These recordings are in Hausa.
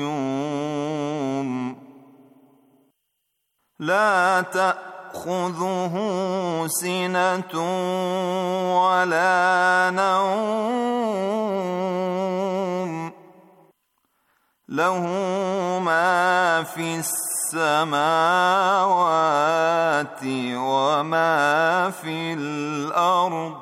يوم لا تأخذه سنة ولا نوم له ما في السماوات وما في الأرض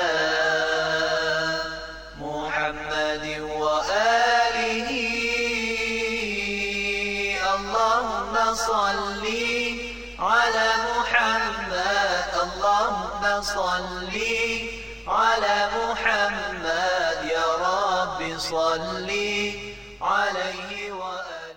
صلي عليه وآله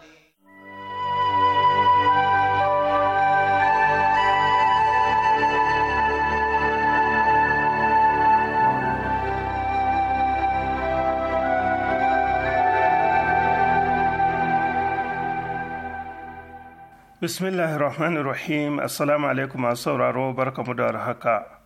بسم الله الرحمن الرحيم السلام عليكم ورحمة الله وبركاته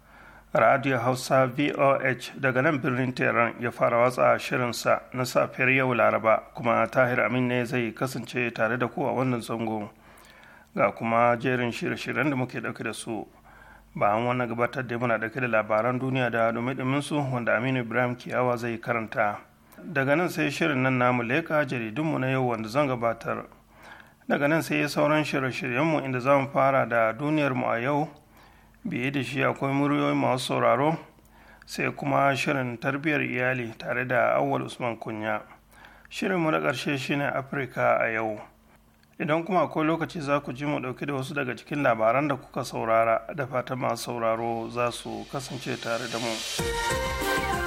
radio hausa voh daga nan birnin tehran ya fara watsa shirinsa na safiyar yau laraba kuma tahir amin ne zai kasance tare da ku a wannan zango ga kuma jerin shirye-shiryen da muke dauke da su bayan wannan gabatar da muna dauke da labaran duniya da dumi su wanda aminu ibrahim kiyawa zai karanta daga nan sai shirin nan namu leka jaridunmu na yau wanda zan gabatar daga nan sai sauran shirye-shiryenmu inda zamu fara da duniyarmu a yau biye da shi akwai muryoyi masu sauraro sai kuma shirin tarbiyyar iyali tare da awwal usman kunya shirin mu na ƙarshe shine afirka a yau idan kuma akwai lokaci za ku ji mu ɗauki da wasu daga cikin labaran da kuka saurara da fatan masu sauraro za su kasance tare da mu.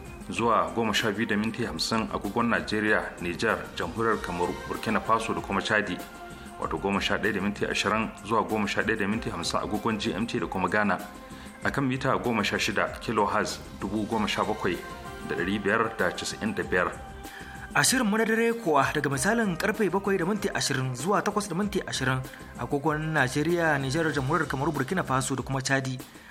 zuwa 12 da minti 50 agogon najeriya nijar jamhuriyar kamaru burkina faso da kuma chadi wato 11 da minti 20 zuwa 11 da minti 50 agogon gmt da kuma ghana a kan mita 16 kilohertz 17,595 a mu na dare kuwa daga misalin karfe 7 da minti 20 zuwa 8 da minti 20 agogon najeriya nijar jamhuriyar kamaru burkina faso da kuma chadi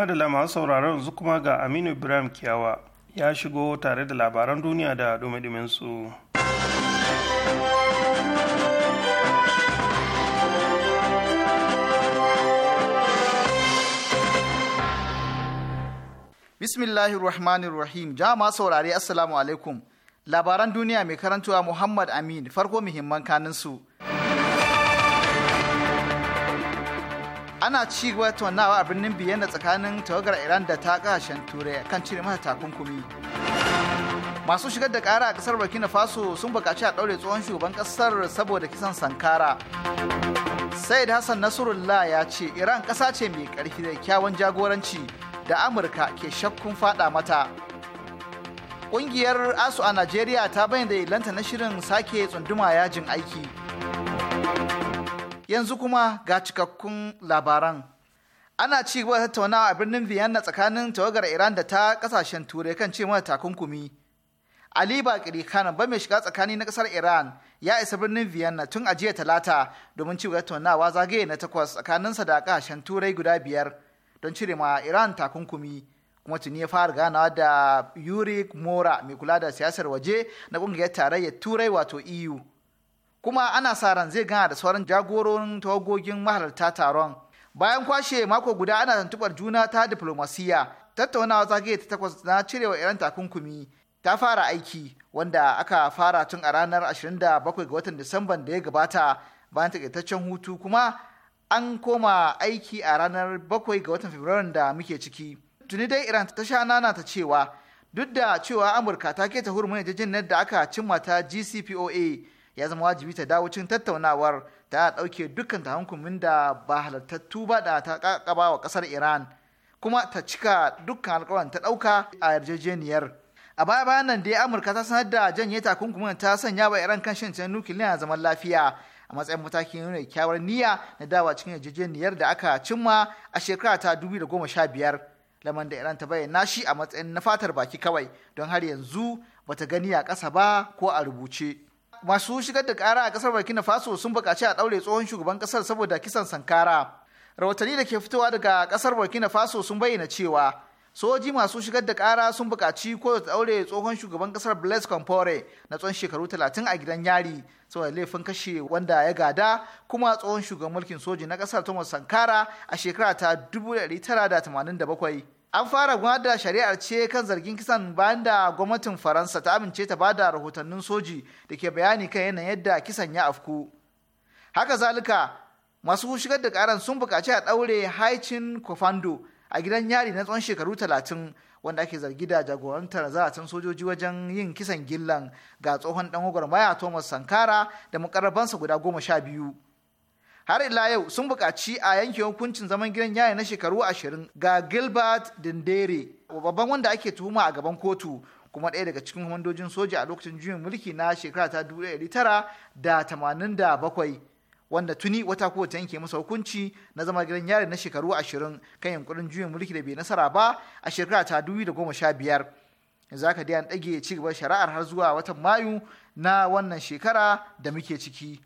madala masu sauraron yanzu kuma ga aminu ibrahim kiyawa ya shigo tare da labaran duniya da dumi su. Bismillahirrahmanirrahim. Jama saurari Assalamu alaikum. Labaran duniya mai karantuwa Muhammad Amin farko muhimman kanin su. ana ci gaba tattaunawa a birnin Vienna tsakanin tawagar Iran da ta kasashen Turai kan cire mata takunkumi. Masu shigar da kara a kasar Burkina Faso sun bukaci a ɗaure tsohon shugaban kasar saboda kisan Sankara. Said Hassan Nasrullah ya ce Iran ƙasa ce mai karfi da kyawun jagoranci da Amurka ke shakkun fada mata. Ƙungiyar ASU a Najeriya ta bayyana da lanta na shirin sake tsunduma yajin aiki. yanzu kuma ga cikakkun labaran ana ci gaba da tattaunawa a birnin vienna tsakanin tawagar iran da ta kasashen turai kan ce mata takunkumi ali bakiri khan ba mai shiga tsakani na kasar iran ya isa birnin vienna tun a talata domin ci gaba da tattaunawa zagaye na takwas tsakaninsa da kasashen turai guda biyar don cire ma iran takunkumi kuma tuni ya fara ganawa da yuri mora mai kula da siyasar waje na kungiyar tarayyar turai wato eu kuma ana sa ran zai gana da sauran jagororin tawagogin mahalarta taron bayan kwashe mako guda ana tuntubar juna ta diplomasiya tattaunawa zagaye ta takwas na cirewa iran takunkumi ta fara aiki wanda aka fara tun a ranar 27 ga watan disamban da ya gabata bayan takaitaccen hutu kuma an koma aiki a ranar 7 ga watan Fabrairu da muke ciki tuni dai iran ta sha nana ta cewa duk da cewa amurka ta keta hurumin yarjejeniyar da aka cimma ta gcpoa ya zama wajibi ta dawo cikin tattaunawar ta ɗauke dukkan hankumin da ba halartattu ba da ta kakaba wa ƙasar iran kuma ta cika dukkan alkawarin ta ɗauka a yarjejeniyar a baya bayan nan dai amurka ta sanar da janye takunkumin ta sanya wa iran kan shan nukiliya zaman lafiya a matsayin matakin nuna kyawar niyya na dawa cikin yarjejeniyar da aka cimma a shekara ta goma sha biyar lamar da iran ta bayyana shi a matsayin na fatar baki kawai don har yanzu bata gani a kasa ba ko a rubuce. masu shigar da kara a kasar burkina faso sun bukaci a ɗaure tsohon shugaban kasar saboda kisan sankara rahotanni da ke fitowa daga kasar burkina faso sun bayyana cewa soji masu shigar da kara sun bukaci ko da ɗaure tsohon shugaban kasar blaise compaore na tsawon shekaru talatin a gidan yari saboda laifin kashe wanda ya gada kuma tsohon shugaban mulkin soji na kasar thomas sankara a shekara ta 1987 an fara gwada shari'ar ce kan zargin kisan bayan da gwamnatin faransa ta amince ta bada rahotannin soji da ke bayani kan yanayin yadda kisan ya afku haka zalika masu shigar da karan sun buƙaci a ɗaure haicin kofando a gidan yari na tsawon shekaru talatin wanda ake zargi da jagorantar zaratan sojoji wajen yin kisan gillan ga tsohon ɗan gwagwarmaya thomas sankara da mukarrabansa guda goma sha biyu har ila yau sun buƙaci a yanke hukuncin zaman gidan yaya na shekaru ashirin ga gilbert dindere babban wanda ake tuhuma a gaban kotu kuma ɗaya daga cikin komandojin soja a lokacin juyin mulki na shekara ta dubu tara da tamanin da bakwai wanda tuni wata kowace yanke masa hukunci na zama gidan yari na shekaru ashirin kan yankurin juyin mulki da bai nasara ba a shekara ta biyar. za ka dai an ɗage ci gaba shari'ar har zuwa watan mayu na wannan shekara da muke ciki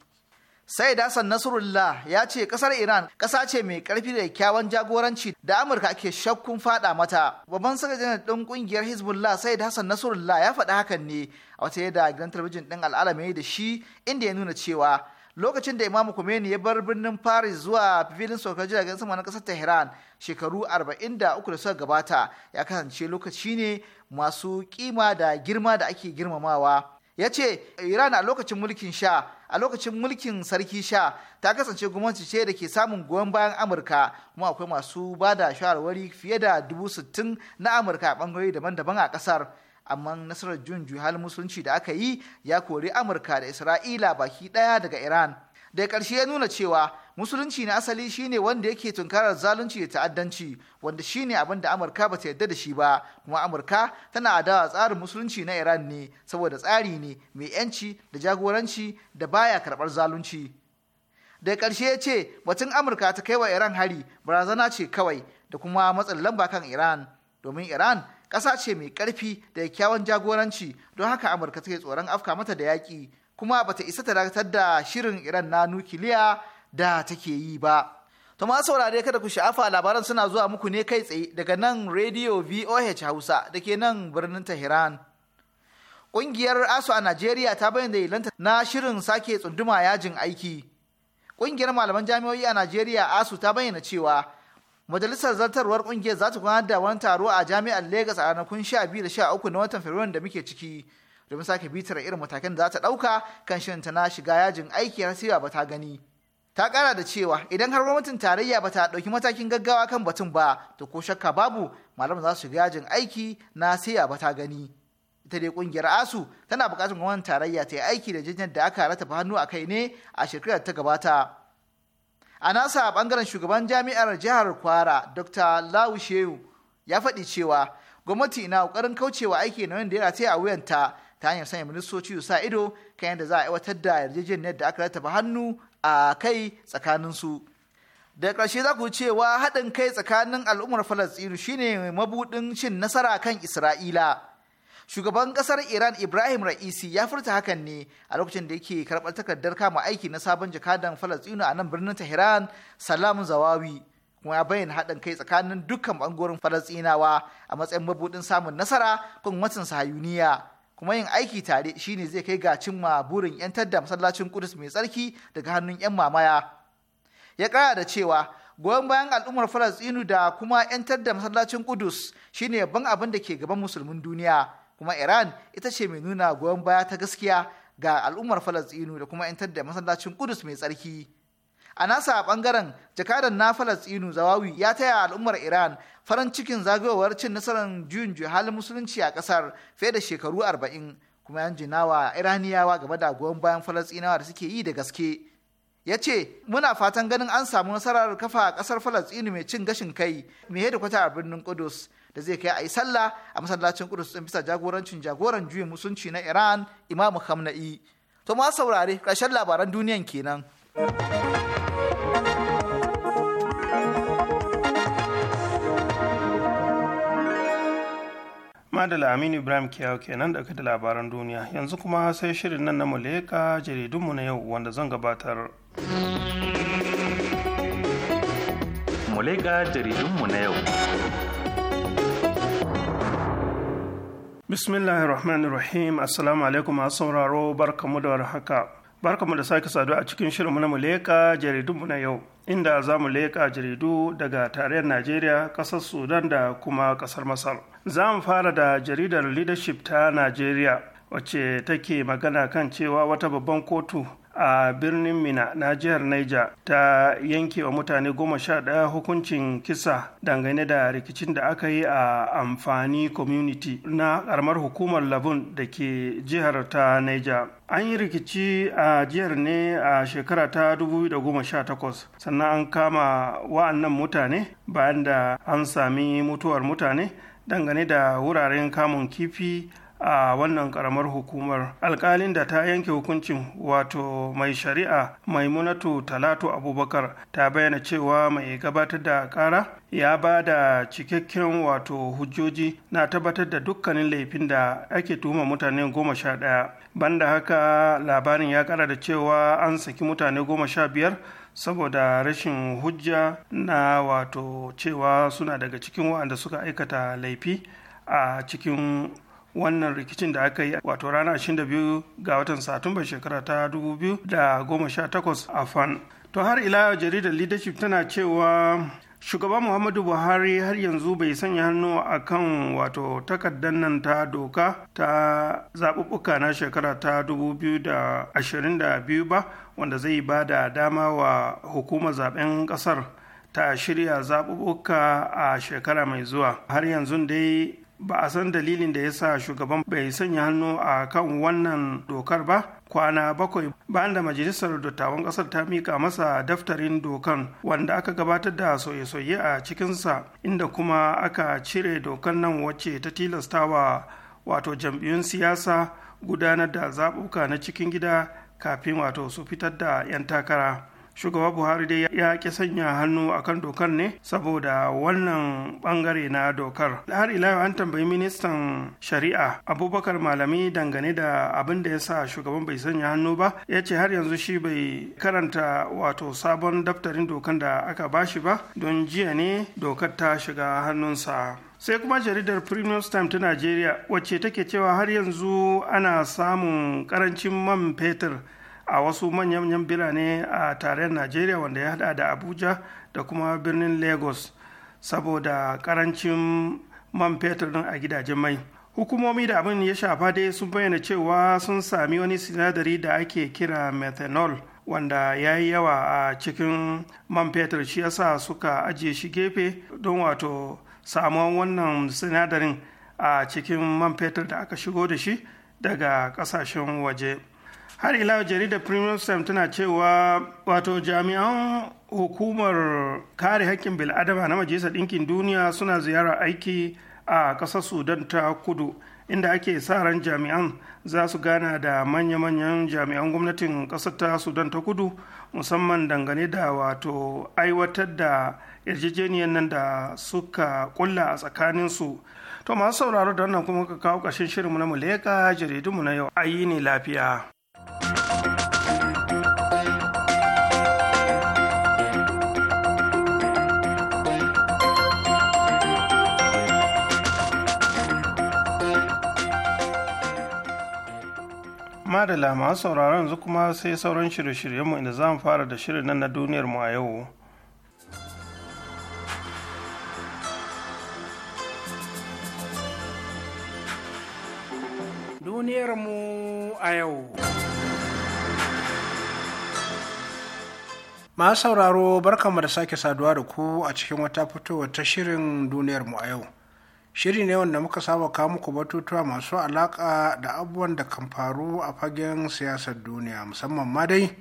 sai da san nasrullah ya ce kasar iran kasa ce mai karfi da kyawan jagoranci da amurka ake shakkun fada mata babban janar ɗin kungiyar hezbollah sai da san nasrullah ya faɗi hakan ne a wata yadda gidan talabijin ɗin al'alami da shi inda ya nuna cewa lokacin da imamu Khomeini ya bar birnin paris zuwa filin saukar jiragen sama na kasar tehran shekaru 43 da suka gabata ya kasance lokaci ne masu kima da girma da ake girmamawa ya ce iran a lokacin mulkin sha a lokacin mulkin sarki sha ta kasance gwamnati ce da ke samun goyon bayan amurka kuma akwai masu ba da shawarwari fiye da dubu sittin na amurka a bangarori daban-daban a kasar amma nasarar jun juhal musulunci da aka yi ya kori amurka da isra'ila baki daya daga iran da ƙarshe ya nuna cewa musulunci na asali shine wanda yake tunkarar zalunci da ta'addanci wanda shine abin da amurka ba ta yarda da shi ba kuma amurka tana adawa tsarin musulunci na iran ne saboda tsari ne mai yanci da jagoranci da baya karɓar zalunci da ƙarshe ya ce batun amurka ta kai wa iran hari barazana ce kawai da kuma matsin lamba kan iran domin iran ƙasa ce mai ƙarfi da kyakkyawan jagoranci don haka amurka take tsoron afka mata da yaƙi kuma bata isa ta dakatar da shirin iran na nukiliya da take yi ba. To ma saurare kada ku sha'afa labaran suna zuwa muku ne kai tsaye daga nan Radio VOH Hausa da ke nan birnin Tehran. Ƙungiyar ASU a Najeriya ta bayyana ilanta na shirin sake tsunduma yajin aiki. Ƙungiyar malaman jami'o'i a Najeriya ASU ta bayyana cewa Majalisar zartarwar ƙungiyar za ta gudanar da wani taro a jami'ar Legas a ranakun 12 da 13 na watan Fabrairu da muke ciki domin sake bitar irin matakan da za ta ɗauka kan shirin ta na shiga yajin aiki har sai ba ta gani. ta kara da cewa idan har gwamnatin tarayya ba ta ɗauki matakin gaggawa kan batun ba to ko shakka babu malam za su yajin aiki na sai ba ta gani ita dai kungiyar asu tana buƙatar gwamnatin tarayya ta yi aiki da jinjin da aka rataba hannu a kai ne a shekarar ta gabata a nasa bangaren shugaban jami'ar jihar kwara dr lawu shehu ya faɗi cewa gwamnati na ƙoƙarin kaucewa aiki na wanda ya a wuyanta ta hanyar sanya ministoci su sa ido kan yadda za a aiwatar da yarjejeniyar da aka rataba hannu a kai tsakanin su. da ƙarshe za ku cewa haɗin kai tsakanin al'ummar falastinu shine mabuɗin cin nasara kan isra'ila shugaban ƙasar iran ibrahim ra'isi ya furta hakan ne a lokacin da yake karɓar takardar kama aiki na sabon jakadan falastinu a nan birnin tehran salam zawawi kuma ya bayyana haɗin kai tsakanin dukkan ɓangoren falastinawa a matsayin mabuɗin samun nasara kan watan sahayuniya kuma yin aiki tare shine zai kai ga cimma burin 'yantar da masallacin kudus mai tsarki daga hannun 'yan mamaya ya kara da cewa goyon bayan al'ummar falastinu da kuma 'yantar da masallacin kudus shine babban abin da ke gaban musulmin duniya kuma iran ita ce mai nuna goyon baya ta gaskiya ga al'ummar falastinu da kuma 'yantar da masallacin kudus mai tsarki a nasa a bangaren jakadan na falastinu zawawi ya taya al'ummar iran farin cikin zagayowar cin nasarar juyin halin musulunci a kasar fiye da shekaru arba'in kuma yan jinawa iraniyawa game da goyon bayan falastinawa da suke yi da gaske ya ce muna fatan ganin an samu nasarar kafa a kasar falasinu mai cin gashin kai mai kwata a birnin kudus da zai kai a yi sallah a masallacin kudus din bisa jagorancin jagoran juyin musulunci na iran imamu hamna'i to ma saurare ƙarshen labaran duniyan kenan. madala aminu ibrahim kiyawa kenan daga da labaran duniya yanzu kuma sai shirin nan na muleka jaridunmu na yau wanda zan gabatar muleka jaridunmu na yau bismillahir rahmanir rahim assalamu alaikum masu sauraro barkamu da warhaka barkamu da sake saduwa a cikin shirinmu na muleka jaridunmu na yau inda za mu leƙa jaridu daga tarayyar najeriya ƙasar sudan da kuma ƙasar masar za mu fara da jaridar leadership ta najeriya wacce take magana kan cewa wata babban kotu a birnin mina na jihar niger ta yanke wa mutane goma sha ɗaya hukuncin kisa dangane da rikicin da aka yi a amfani community na karamar hukumar labun da ke jihar ta niger an yi rikici a jihar ne a shekara ta 2018 sannan an kama wa'annan mutane bayan da an sami mutuwar mutane dangane da wuraren kamun kifi a wannan karamar hukumar alkalin da ta yanke hukuncin wato mai shari'a maimunatu talatu abubakar ta bayyana cewa mai gabatar da kara ya ba da cikakken wato hujjoji na tabbatar da dukkanin laifin da ake tuhuma mutane goma sha ɗaya banda haka labarin ya kara da cewa an saki mutane goma sha biyar saboda rashin hujja na wato cewa suna daga cikin waɗanda suka aikata laifi a cikin wannan rikicin da aka yi wato rana 22 ga watan satumba shekara ta 2018 a fan to har ila jaridar leadership tana cewa shugaban muhammadu buhari har yanzu bai sanya hannu a kan wato takardar nan ta doka ta zaɓuɓɓuka na shekara ta 2022 ba wanda zai ba da dama wa hukumar zaben ƙasar ta shirya zaɓuɓɓuka a shekara mai zuwa har yanzu dai ba a san dalilin da ya sa shugaban bai sanya hannu a kan wannan dokar ba kwana bakwai bayan da majalisar dattawan kasar ta mika masa daftarin dokan wanda aka gabatar da soye-soye a cikinsa inda kuma aka cire dokan nan wacce ta tilastawa wato jam'iyyun siyasa gudanar da zaɓuka na cikin gida kafin wato su fitar da 'yan takara shugaba buhari dai ya ƙi sanya hannu akan dokar ne saboda wannan bangare na dokar har ila an tambayi ministan shari'a abubakar malami dangane da abin da ya sa shugaban bai sanya hannu ba ya ce har yanzu shi bai karanta wato sabon daftarin dokan da aka bashi ba don jiya ne dokar ta shiga hannunsa sai kuma jaridar premium time ta najeriya wacce take cewa har yanzu ana samun karancin man fetur a wasu manyan birane a tarayyar najeriya wanda ya hada da abuja da kuma birnin lagos saboda karancin man fetur din a gidajen mai hukumomi da abin ya shafa dai sun bayyana cewa sun sami wani sinadari da ake kira methanol wanda ya yi yawa a cikin man fetur shi yasa suka ajiye shi gefe don wato samuwan wannan sinadarin a cikin man fetur da aka shigo da shi daga kasashen waje. har ila jaridar premium time tana cewa wato jami'an hukumar kare haƙƙin bil'adama na majalisar ɗinkin duniya suna ziyara aiki a ƙasar sudan ta kudu inda ake sa ran jami'an za su gana da manya-manyan jami'an gwamnatin ƙasar ta sudan ta kudu musamman dangane da wato aiwatar da yarjejeniyar nan da suka kulla a tsakaninsu to masu sauraro da wannan kuma ka kawo ƙashin shirinmu na muleka jaridunmu na yau ayi ne lafiya da masu sauraron yanzu kuma sai sauran shirye-shiryenmu inda za mu fara da shirin nan na duniyar mu a yau duniyar mu a yau masu sauraro barkanmu da sake saduwa da ku a cikin wata fitowa ta shirin duniyar mu a yau shiri ne wanda muka saba kawo muku batutuwa masu alaƙa da abubuwan da kan faru a fagen siyasar duniya musamman ma dai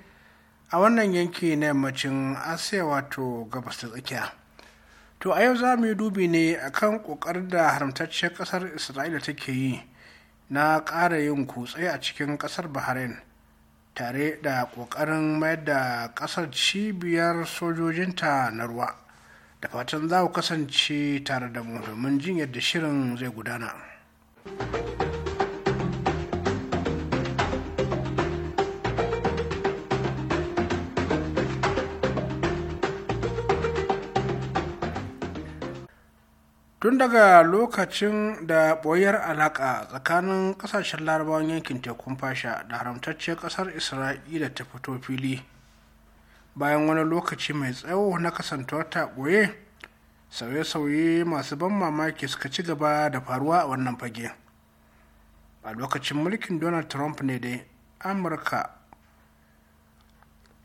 a wannan yanki na yammacin asiya wato gabas ta tsakiya to a yau za mu yi dubi ne akan ƙoƙarin da haramtacciyar ƙasar isra'ila take yi na ƙara yin kutse a cikin ƙasar bahrain tare da ƙoƙarin mayar da ƙasar cibiyar sojojinta na ruwa da fatan za ku kasance tare da mu domin jin yadda shirin zai gudana. tun daga lokacin da boyar alaƙa tsakanin ƙasashen larabawan yankin tekun fasha da haramtacce ƙasar isra'ila ta fito fili bayan wani lokaci mai tsawo na kasantuwar ta ɓoye sauye-sauye masu ban mamaki suka ci gaba da faruwa a wannan fage a lokacin mulkin donald trump ne dai amurka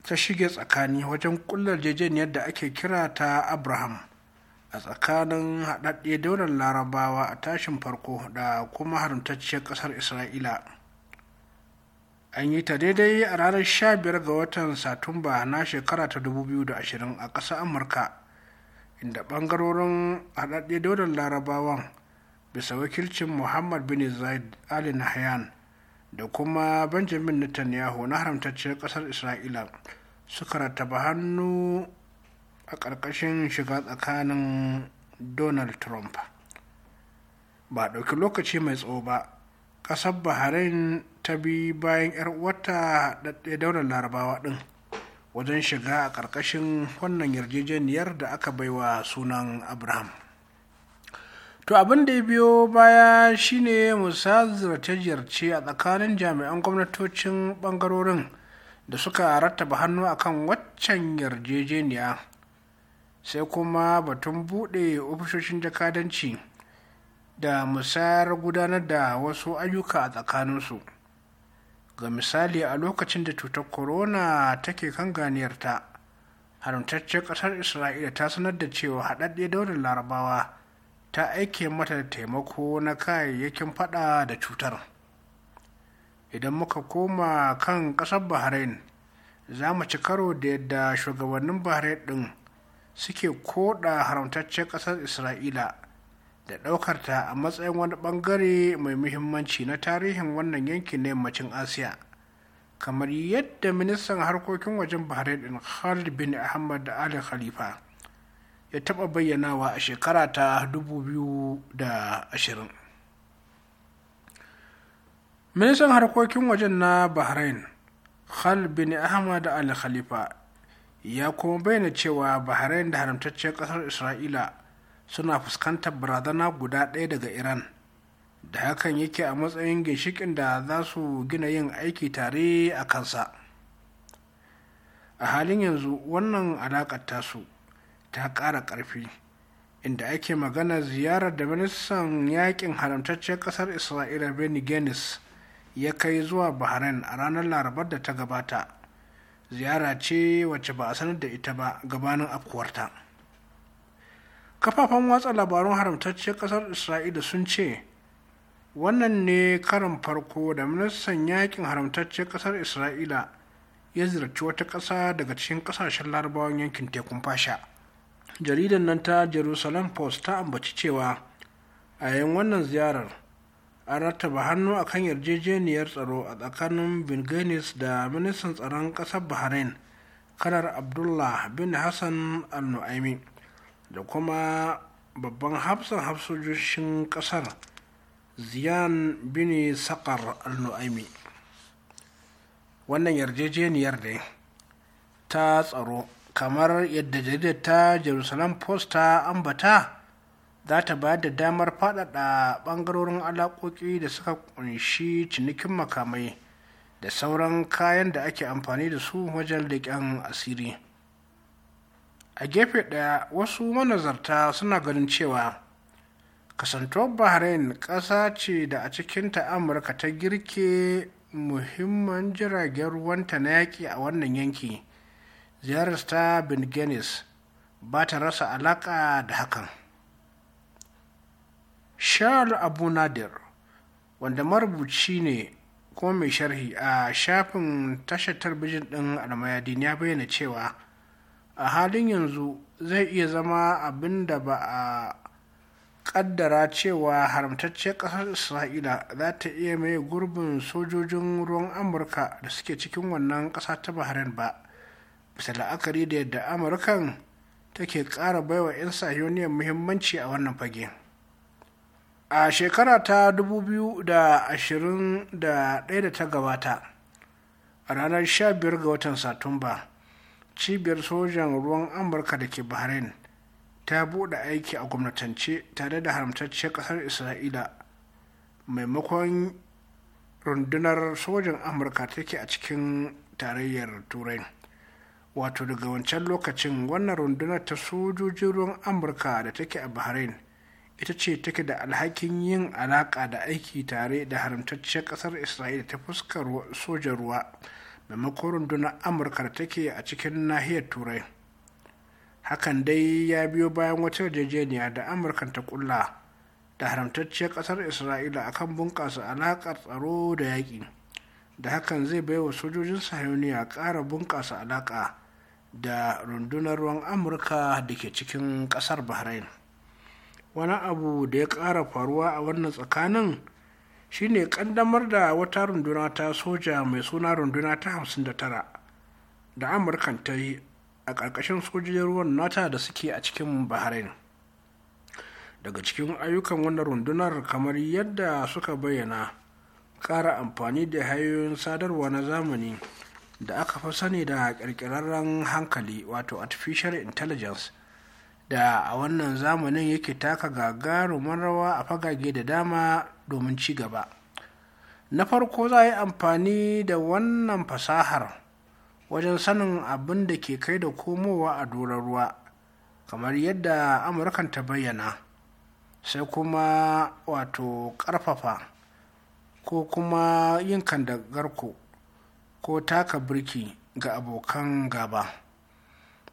ta shige tsakani wajen kullar jejeniyar da ake kira ta abraham a tsakanin haɗaɗɗe daular larabawa a tashin farko da kuma haramtacciyar ƙasar isra'ila an yi ta daidai a ranar sha biyar ga watan satumba na shekara ta 2020 a ƙasar amurka inda ɓangarorin haɗaɗɗe daular larabawan bisa wakilcin muhammad bin zaid ali nahyan da kuma benjamin netanyahu na haramtacciyar ƙasar isra'ila suka rattaba hannu a ƙarƙashin shiga tsakanin donald trump ba ɗauki lokaci mai tsawo ba ƙasar bahrain ta bi bayan 'yar wata da daular larabawa ɗin wajen shiga a ƙarƙashin wannan yarjejeniyar da aka baiwa sunan abraham to abin da ya biyo baya shine musazirce-jirce a tsakanin jami'an gwamnatocin ɓangarorin da suka rattaba hannu a kan waccan yarjejeniya sai kuma batun buɗe ofishoshin jakadanci da musayar gudanar da wasu ayyuka a tsakaninsu. ga misali a lokacin da cutar corona take kan ganiyarta haramtaccen ƙasar isra'ila ta sanar da cewa haɗaɗɗe daular larabawa ta aike mata da taimako na kayayyakin fada da cutar idan muka koma kan ƙasar bahrain za mu ci karo da yadda shugabannin bahrain ɗin suke koɗa haramtaccen ƙasar isra'ila da ɗaukar ta a matsayin wani ɓangare mai muhimmanci na tarihin wannan yanki na yammacin asiya kamar yadda ministan harkokin wajen bahrain din khalid bin ahmad ali khalifa ya taɓa bayyanawa a shekara ta 2020 ministan harkokin wajen na bahrain khalid bin ahmad ali khalifa ya kuma bayyana cewa bahrain da haramtacciyar ƙasar isra'ila suna fuskantar barazana guda ɗaya daga iran da hakan yake a matsayin ginshikin da za su gina yin aiki tare a kansa a halin yanzu wannan alaƙar tasu ta ƙara ƙarfi inda ake magana ziyarar da ministan yakin haramtaccen ƙasar isra'ila benny genis ya kai zuwa bahrain a ranar larabar da ta gabata ziyara ce wacce ba a sanar da ita ba gabanin afkuwarta. kafafen watsa labarun haramtacciyar kasar isra'ila sun ce wannan ne karin farko da ministan yakin haramtacciyar kasar isra'ila ya ziyarci wata ƙasa daga cikin ƙasashen larabawan yankin tekun fasha jaridar nan ta jerusalem post ta ambaci cewa a yayin wannan ziyarar an rattaba hannu a kan yarjejeniyar tsaro a tsakanin binganis da ministan tsaron ƙasar bahrain kanar abdullah bin hassan al-nu'aimi da kuma babban hafsan hafsojoshin kasar ziyan bini sakar al-nu'aimi wannan yarjejeniyar da ta tsaro kamar yadda jaridar ta jerusalem post ta ambata za ta ba da damar faɗaɗa ɓangarorin alaƙoƙi da suka kunshi cinikin makamai da sauran kayan da ake amfani da su wajen leƙen asiri a gefe ɗaya wasu manazarta suna ganin cewa kasantuwar bahrain ƙasa ce da a cikinta amurka ta girke muhimman jiragen ruwanta na yaƙi a wannan yanki ziyarar ta bingenis guinness ba ta rasa alaƙa da hakan Charles Abu Nadir wanda marubuci ne ko mai sharhi a shafin tashar talbijin ɗin almayadin ya bayyana cewa a halin yanzu zai iya zama abin da ba a kaddara cewa haramtacciyar ƙasar isra'ila za ta iya mai gurbin sojojin ruwan amurka da suke cikin wannan ƙasa ta bahrain ba bisa la'akari da yadda amurkan take ƙara baiwa 'yan sahiyoniyar muhimmanci a wannan fage a shekara ta 2021 da ta gabata a ranar 15 ga watan satumba cibiyar sojan ruwan amurka da ke bahrain ta buɗe aiki a gwamnatance tare da haramtacciyar ƙasar isra'ila maimakon rundunar sojan amurka take a cikin tarayyar turai wato daga wancan lokacin wannan rundunar ta sojojin ruwan amurka da take a bahrain ita ce take da alhakin yin alaƙa da aiki tare da haramtacciyar ƙasar isra'ila ta fuskar sojan ruwa maimakon rundunar amurka da take a cikin nahiyar turai hakan dai ya biyo bayan wata yarjejeniya da amurka ta kulla da haramtacciyar kasar isra'ila akan bunƙasa alaƙar tsaro da yaƙi da hakan zai bai wa sojojin sahiyoniya ƙara bunƙasa alaƙa da rundunar ruwan amurka da ke cikin ƙasar bahrain wani abu da ya ƙara faruwa a wannan tsakanin shine ƙaddamar da wata runduna ta soja mai suna runduna ta 59 da amurkan ta yi a ƙarƙashin sojojin ruwan nata da suke a cikin bahrain daga cikin ayyukan wannan rundunar kamar yadda suka bayyana ƙara amfani da hanyoyin sadarwa na zamani da aka fi sani da ƙirƙirarren hankali wato artificial intelligence da a wannan zamanin yake taka gagarumin rawa a fagage da dama domin ci gaba na farko za a yi amfani da wannan fasahar wajen sanin abin da ke kai da komowa a doron ruwa kamar yadda amurkan ta bayyana sai kuma wato ƙarfafa ko kuma yin garku ko taka birki ga abokan gaba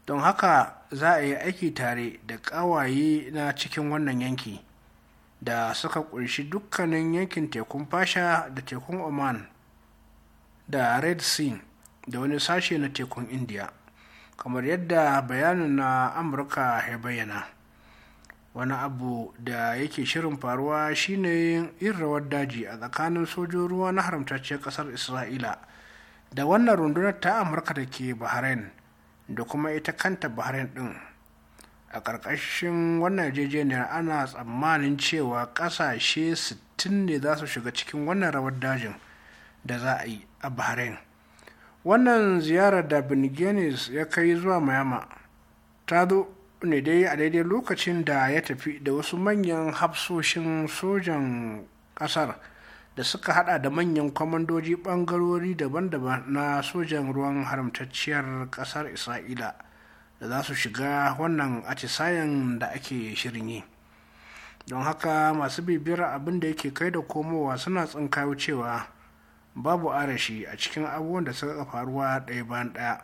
don haka za a yi aiki tare da ƙawaye na cikin wannan yanki da suka kunshi dukkanin yankin tekun fasha da tekun oman da red sea da wani sashe na tekun india kamar yadda bayanin na amurka ya bayyana wani abu da yake shirin faruwa shine yin rawar daji a tsakanin sojin ruwa na haramtacciyar kasar isra'ila da wannan rundunar ta amurka da ke bahrain da kuma ita kanta bahrain din a ƙarƙashin wannan yarjejeniyar ana tsammanin cewa ƙasashe 60 ne za su shiga cikin wannan rawar dajin da za a yi a bahrain wannan ziyarar da benignis ya kai zuwa mayama ta zo ne dai a daidai lokacin da ya tafi da wasu manyan hafsoshin sojan ƙasar da suka hada da manyan kwamandoji ɓangarori daban-daban na sojan ruwan haramtacciyar ƙasar isra'ila da za su shiga wannan atisayen da ake shirin yi don haka masu bibiyar abin da yake kai da komowa suna tsinkayo cewa babu arashi a cikin abubuwan da suka faruwa ɗaya bayan ɗaya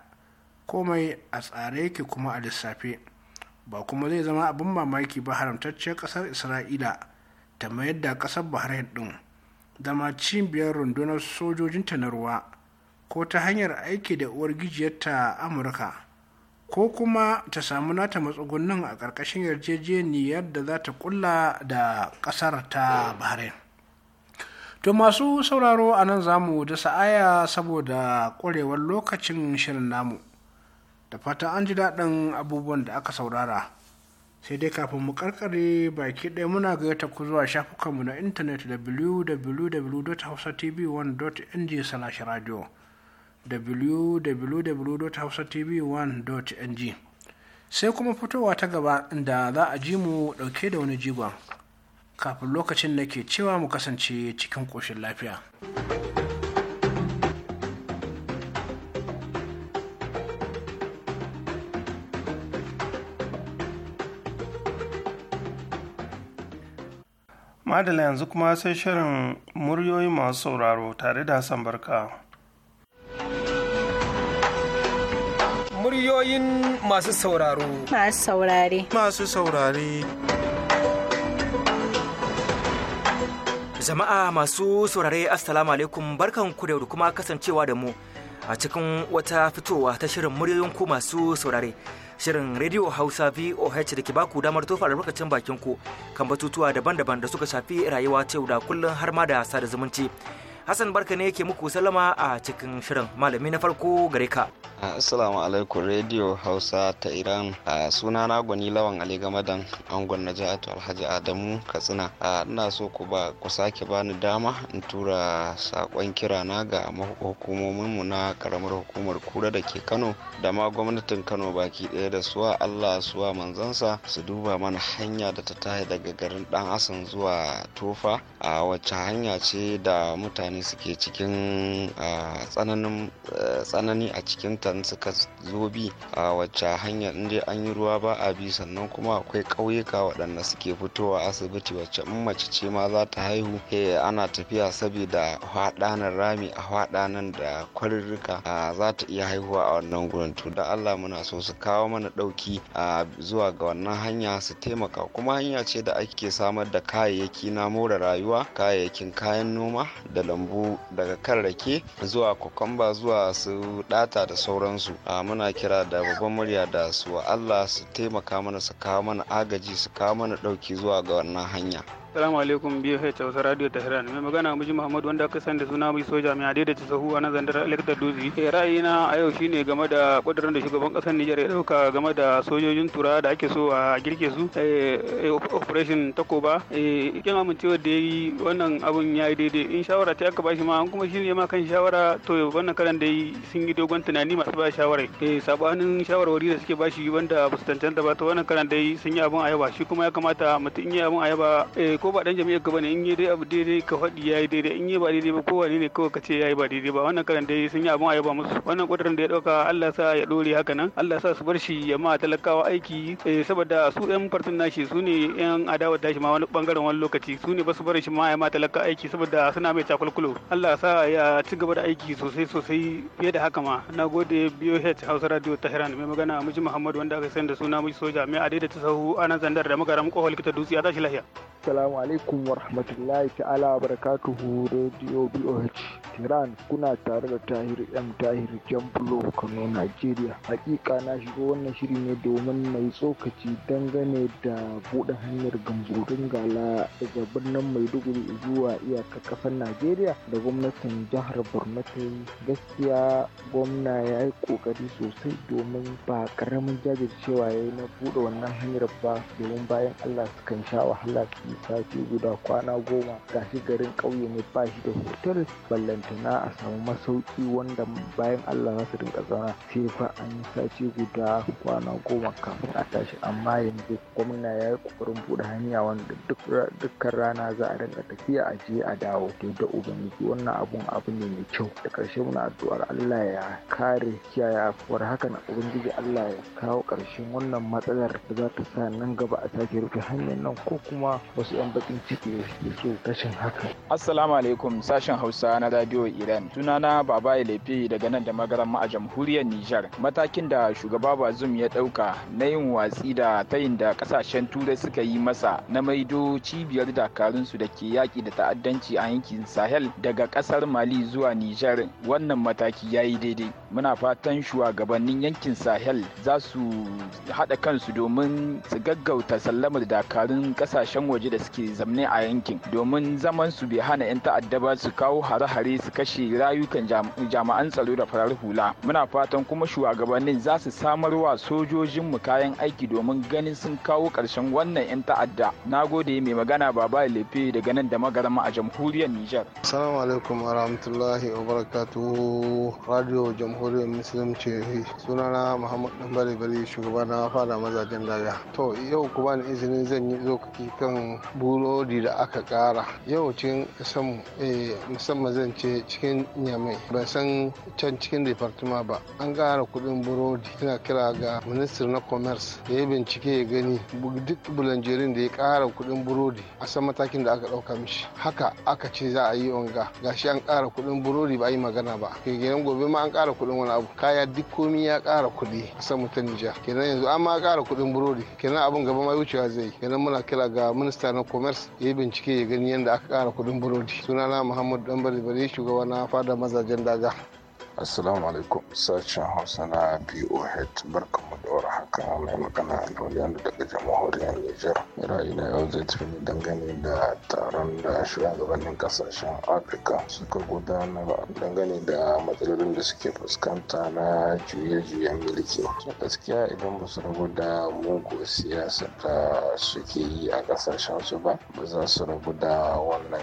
komai a tsare yake kuma a lissafe ba kuma zai zama abin mamaki ba haramtacciyar ƙasar isra'ila ta mayar da ƙasar bahrain ɗin zama cibiyar rundunar sojojinta na ruwa ko ta hanyar aiki da uwar gijiyarta amurka ko kuma ta samu nata matsugunnin a ƙarƙashin yarjejeniyar da za ta kulla da ƙasar ta bahrain to masu sauraro a nan zamu da sa'aya saboda ƙwarewar lokacin shirin namu da fata an ji daɗin abubuwan da aka saurara sai dai kafin mu karkare baki ɗaya muna gayyata ku zuwa shafukanmu na intanet www.hausatv1.ng/radio www.hausatv1.ng sai kuma fitowa ta gaba da za a ji mu dauke da wani jigon kafin lokacin da ke cewa mu kasance cikin ƙoshin lafiya. madala yanzu kuma sai shirin muryoyi masu sauraro tare da hassan barka muryoyin masu sauraro. Masu saurare. Masu saurare. Jama'a masu saurare Assalamu alaikum barkanku da kuma kasancewa da mu a cikin wata fitowa ta shirin muryoyinku masu saurare. Shirin Radio Hausa VOH da ke baku damar tofa albarkacin bakin ku kan batutuwa daban-daban da suka shafi rayuwa ta yau da kullum har ma da sada zumunci. Hassan barka ne yake muku salama a cikin shirin malami na farko gare ka. Assalamu alaikum Radio Hausa ta Iran. A suna na gwani lawan Ali Gamadan angon na Jihatu Alhaji Adamu Katsina. A ina so ku ba ku sake bani dama in tura sakon kira na ga hukumomin mu na karamar hukumar Kura da ke Kano da ma gwamnatin Kano baki ɗaya da suwa Allah suwa manzansa su duba mana hanya da ta tahi daga garin Dan Asan zuwa Tofa a wacce hanya ce da mutane mutane suke cikin tsanani a cikin ta suka zo bi a wacce hanya inda an yi ruwa ba a bi sannan kuma akwai ƙauyuka waɗanda suke fitowa asibiti wacce in mace ce ma za ta haihu eh, ana tafiya saboda haɗanan rami a haɗanan da kwarirrika za ta iya haihuwa a wannan gurin to da Allah muna so su kawo mana ɗauki zuwa ga wannan hanya su taimaka kuma hanya ce da ake samar da kayayyaki na more rayuwa kayayyakin kayan noma da lambu lambu daga kan rake zuwa kokamba zuwa su data da sauransu a muna kira da babban murya da su Allah su taimaka mana su kawo mana agaji su kawo mana dauki zuwa ga wannan hanya Salamu alaikum biyu hai Hausa Radio Tehran. Mai magana Miji Muhammad wanda aka san da suna mai soja mai adai da ta sahu a nan zandar Elekta Duzi. Eh ra'ayina a yau shine game da kudirin da shugaban kasar Nijar ya dauka game da sojojin tura da ake so a girke su eh, eh operation Takoba. Eh kin amincewa da yayi wannan abun yayi daidai. In shawara ta aka bashi ma an kuma shine ma kan shawara to wannan karan da sun yi dogon tunani masu ba shawara. Eh sabanin shawarwari da suke bashi wanda ba su tantance ba to wannan karan da sun yi abun ayaba shi kuma ya kamata mutum in yi abun ayaba eh, ko ba dan jami'a ka bane in yi dai abu daidai ka faɗi ya dai daidai in yi ba daidai ba ko wane ne kawai ka ce ya yi ba daidai ba wannan karan dai sun yi abun ayaba musu wannan kudurin da ya dauka Allah sa ya dore haka nan Allah sa su bar shi ya ma talakawa aiki eh, saboda su ɗan fartin nashi su ne ɗan adawa tashi ma wani bangaren wani lokaci su ne ba su bar shi ma ya ma talaka aiki saboda suna mai takulkulo Allah sa ya ci gaba da aiki sosai sosai fiye da haka ma nagode BOH Hausa Radio Tehran mai magana Miji Muhammad wanda aka sani da suna Miji Soja mai adai da ta sahu nan zandar da magaram kohol kita dutse ya tashi lahiya. Assalamu alaikum wa rahmatullahi ta'ala wa barakatuhu Radio BOH Tehran kuna tare da Tahir M Tahir Jambulo Kano nigeria? Hakika na shigo wannan shiri ne domin mai tsokaci dangane da buɗe hanyar gamburin gala daga birnin Maiduguri zuwa iyaka kasar nigeria da gwamnatin jihar Borno ta yi. Gaskiya gwamna ya yi ƙoƙari sosai domin ba karamin jajircewa ya yi na buɗe wannan hanyar ba domin bayan Allah sukan sha wahala su yi sati guda kwana goma gashi garin ƙauye ne ba shi da hotel ballantana a samu masauki wanda bayan allah za su rinka zauna sai fa an yi sati guda kwana goma kafin a tashi amma yanzu gwamna ya yi ƙoƙarin buɗe hanya wanda dukkan rana za a rinka tafiya a je a dawo da ubangiji wannan abun abu ne mai kyau da ƙarshe muna addu'ar allah ya kare kiyaye afuwar hakan ubangiji allah ya kawo ƙarshen wannan matsalar da za ta sa nan gaba a sake rufe hanyar nan ko kuma wasu 'yan bakin ciki da suke tashin haka. Assalamu alaikum sashen Hausa na Radio Iran. Sunana Baba Ilefe daga nan da magaran a jamhuriyar Nijar. Matakin da shugaba Bazum ya dauka na yin watsi da tayin da kasashen Turai suka yi masa na maido cibiyar dakarun su da ke yaki da ta'addanci a yankin Sahel daga kasar Mali zuwa Nijar. Wannan mataki ya yi daidai. Muna fatan shugabannin yankin Sahel za su haɗa kansu domin su gaggauta sallamar dakarun kasashen waje da suke ke zamne a yankin domin zaman su bai hana 'yan ta'adda ba su kawo hare-hare su kashe rayukan jami'an tsaro da farar hula muna fatan kuma shugabannin za su samar wa sojojin mu kayan aiki domin ganin sun kawo karshen wannan 'yan ta'adda na gode mai magana baba lefe daga nan da magarama a jamhuriyar nijar assalamu alaikum wa rahmatullahi wa barakatuhu radio jamhuriyar musulunci sunana muhammad dan bari bari shugaba na fada mazajen daga to yau ku bani izinin zan yi zo kan bu burodi da aka kara yawancin eh, musamman zan ce cikin nyamai ban san can cikin departima ba an ƙara kuɗin burodi ina kira ga minister na commerce da ya bincike ya gani duk bulanjerin da ya kara kuɗin burodi a san matakin da aka ɗauka mishi haka aka ce za a yi onga gashi an ƙara kuɗin burodi ba a yi magana ba kenan gobe ma an kara kuɗin wani abu kaya duk komi ya kara kuɗi a san mutan Nijar kenan yanzu an ma ƙara kuɗin burodi kenan abun gaba ma wucewa zai kenan muna kira ga minista na commerce ya yi bincike ya gani yadda aka kara kudin burodi sunana muhammad dan bari shugaba na fada mazajen daga assalamu alaikum sashen hausa na boh haka mai magana da daga jamhuriyar nijar na yau zai tafi dangane da taron da shugabannin kasashen afirka suka gudanar dangane da matsalolin da suke fuskanta na juye-juyen mulki gaskiya idan ba su rabu da mugu siyasa da suke yi a kasashen su ba ba za su rabu da wannan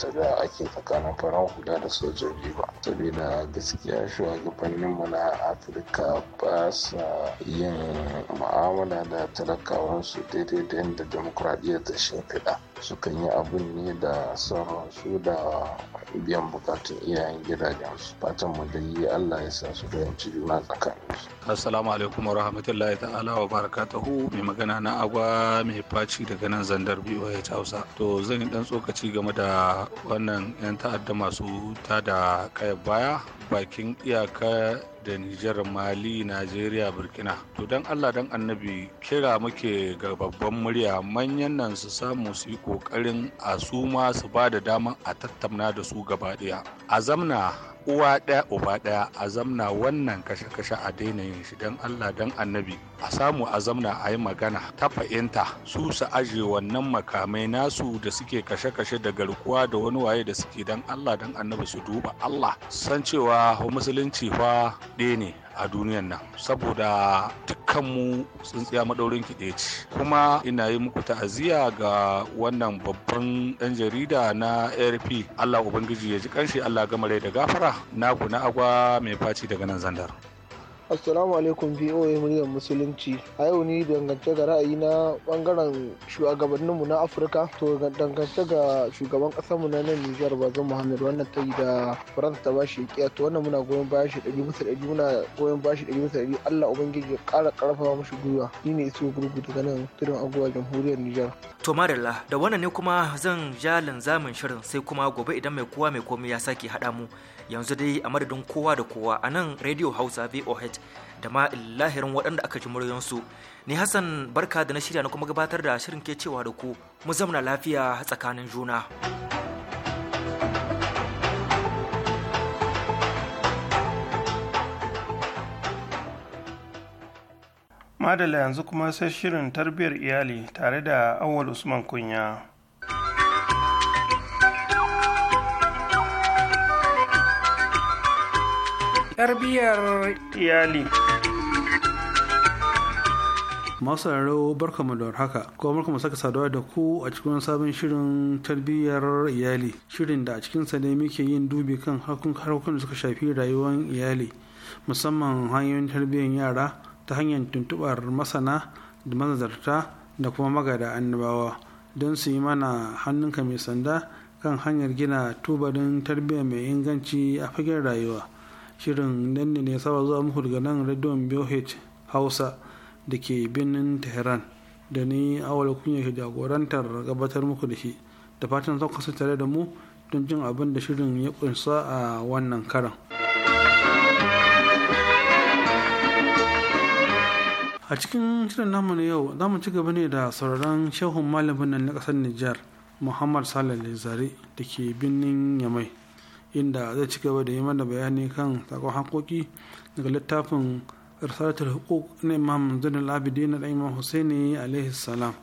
ta da ake tsakanin farar hula da sojoji ba saboda gaskiya shugabanninmu na afirka ba sa yin mu'amala da talakawansu daidai da yadda demokuraɗiyya ta shimfiɗa sukan yi abun ne da sauran su da biyan bukatun iyayen gidajensu fatan mu yi Allah ya sa su fahimci juna tsakaninsu assalamu alaikum wa rahmatullahi ta'ala wa barakatuhu mai magana na agwa mai faci daga nan zandar biyu ya hausa to zan yi dan tsokaci game da wannan yan ta'adda masu da kayan baya bakin iyaka da Nijar Mali Najeriya Burkina to dan Allah dan annabi kira muke ga babban murya manyan nan su samu su yi ƙoƙarin a su ma su ba da daman a tattauna da su gaba ɗaya a zamna uwa ɗaya uba ɗaya a zamna wannan kashe-kashe a daina yin shi don Allah don annabi a samu a zamna a yi magana ta fa'inta su su aje wannan makamai nasu da suke kashe-kashe da garkuwa da wani waye da suke don Allah don annabi su duba Allah san cewa musulunci fa ɗaya ne a duniyan nan saboda dukkanmu tsintsiya maɗaurin kiɗe ce kuma ina yi muku ta'aziyya ga wannan babban ɗan jarida na arp allah ubangiji ya ji kanshi allah gama rai da gafara naku na agwa mai faci daga nan zandar Assalamu alaikum VOA muryar musulunci. A yau ni dangance ga ra'ayi na bangaren shugabanninmu na Afirka to dangance ga shugaban mu na nan Nijar Bazum Muhammad wannan ta yi da faransa ta bashi kiya to wannan muna goyon baya shi ɗari bisa ɗari muna goyon baya shi ɗari bisa ɗari Allah ubangiji ya ƙara ƙarfafa mashi gwiwa. Ni ne iso gurgu daga nan tudun aguwa jamhuriyar Nijar. To Marilla da wannan ne kuma zan ja linzamin shirin sai kuma gobe idan mai kowa mai komai ya sake haɗa mu. yanzu dai a madadin kowa da kowa a nan radio hausa voh da ma lahirin waɗanda aka ji muryansu ni hassan barka da na shirya na kuma gabatar da shirin ke cewa da ku mu zamana lafiya tsakanin juna madala yanzu kuma sai shirin tarbiyyar iyali tare da awal usman kunya tarbiyyar iyali masu raro mu da haka kuma mu saka saduwa da ku a cikin sabon shirin tarbiyyar iyali shirin da a cikin ne muke yin dubi kan harkokin da suka shafi rayuwar iyali musamman hanyoyin tarbiyyar yara ta hanyar tuntubar masana da manzarta da kuma magada annabawa don su yi mana hannunka mai sanda kan hanyar gina tubalin tarbiyya mai inganci a fagen rayuwa shirin danne ne saba zuwa muku daga nan radion BOH Hausa da ke birnin Tehran da ni awal kunya ke jagorantar gabatar muku da shi da fatan zan kasance tare da mu don jin abin da shirin ya kunsa a wannan karan. a cikin shirin namu na yau za mu ci gaba ne da sauraron shehun malamin nan na ƙasar Nijar Muhammad Saleh Zare da ke birnin Yamai. inda zai ci gaba da yi mana bayani kan sakon hankoki daga littafin risalatul hukuk na imam zunin labidi na imam husaini alaihi salam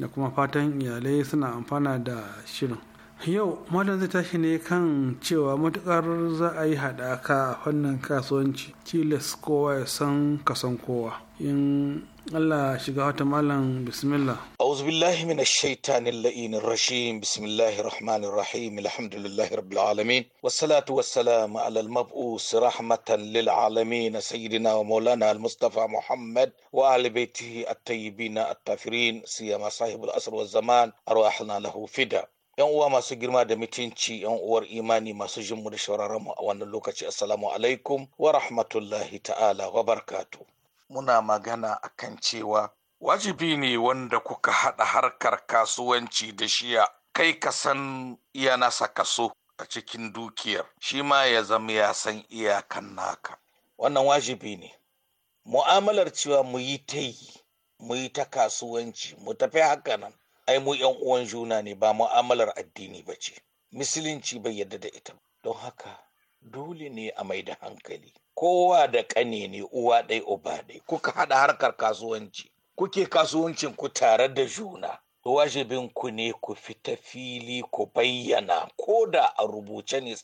da kuma fatan iyalai suna amfana da shirin yau malam zai tashi ne kan cewa matukar za a yi haɗaka a fannin kasuwanci tilas kowa ya san kasan kowa in Allah shiga wata malam bismillah. A'udhu billahi minash shaitanir la'inir rajim. Bismillahir rahmanir rahim. Alhamdulillahi rabbil alamin. Wassalatu wassalamu ala al-mab'us rahmatan lil alamin sayyidina wa maulana al-Mustafa Muhammad wa ali baitihi at-tayyibin at-tafirin siyama sahibul asr wa zaman arwahna lahu fida. yan uwa masu girma da mutunci yan uwar imani masu jin da shawararmu a wannan lokaci assalamu alaikum wa rahmatullahi ta'ala wa barkatu muna magana a kan cewa wajibi ne wanda kuka haɗa harkar kasuwanci da shiya kai ka san iya nasa kaso a cikin dukiyar shi ma ya zama ya san iyakan naka wannan wajibi ne mu'amalar cewa mu yi ta yi mu yi ta kasuwanci mu tafi haka nan ai mu yan uwan juna ne ba mu'amalar addini ba ce musulunci bai yarda da ita don haka dole ne a mai da hankali kowa da ƙani ne uwa ɗai uba ɗai kuka haɗa harkar kasuwanci kuke kasuwancin ku tare da juna wajibin ku ne ku fita fili ku bayyana ko da a rubuce ne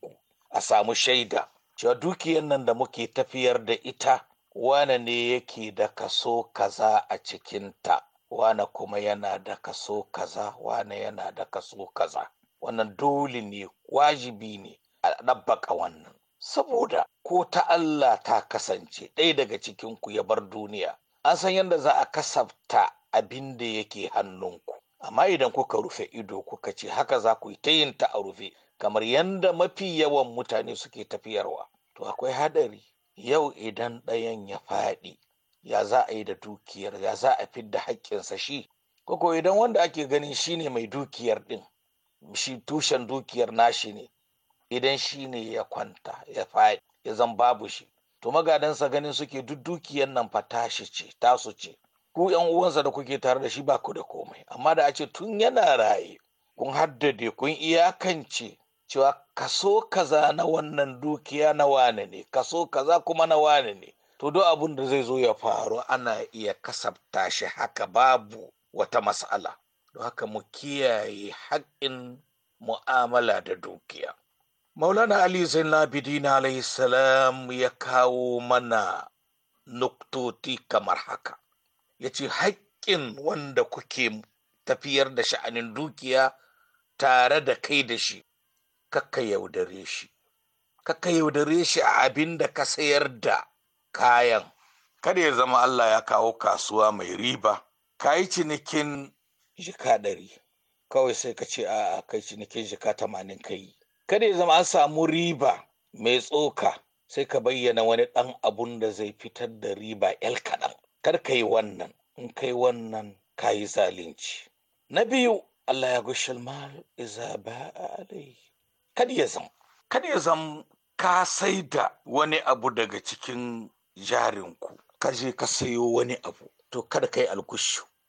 ku a samu shaida cewa dukiyar nan da muke tafiyar da ita wane ne yake da kaso kaza a cikinta wane kuma yana da kaso kaza wane yana da kaso kaza wannan dole ne wajibi ne a ɗabbaka wannan saboda ko ta Allah ta kasance ɗaya daga cikinku ya bar duniya an san yadda za a kasafta abin da yake hannunku amma idan kuka rufe ido kuka ce haka za ku yi ta yin ta a rufe kamar yadda mafi yawan mutane suke tafiyarwa to akwai haɗari yau idan ɗayan ya faɗi ya za a yi da dukiyar ya za a fidda haƙƙinsa shi koko idan wanda ake ganin shine mai dukiyar ɗin shi tushen dukiyar nashi ne idan shi ne ya kwanta ya faɗi ya zan babu shi to magadansa ganin suke duk dukiyar nan fa tashi ce tasu ce ku yan uwansa da kuke tare da shi ba ku da komai amma da a ce tun yana raye kun haddade kun iyakance cewa kaso kaza na wannan dukiya na wane ne kaso kaza kuma na wane ne to duk abun da zai zo ya faru ana iya kasabta shi haka babu wata matsala don haka mu kiyaye haƙƙin mu'amala da dukiya maulana ali zain labidina salam ya kawo mana nuktoti kamar haka ya ce haƙƙin wanda kuke tafiyar da sha'anin dukiya tare da kai da shi kaka yaudare shi kaka yaudare shi a abin da ka sayar da kayan kada ya zama allah ya kawo kasuwa mai riba ka yi cinikin jika ɗari kawai sai ka ce a kai cinikin jika tamanin kai kada ya zama an samu riba mai tsoka sai ka bayyana wani ɗan abun da zai fitar da riba yal kaɗan kar ka yi wannan in kai wannan ka yi zalunci na biyu Allah ya gushe mal iza ba alai kada ya zama kada ya zama ka sai da wani abu daga cikin jarinku ka je ka sayo wani abu to kada ka yi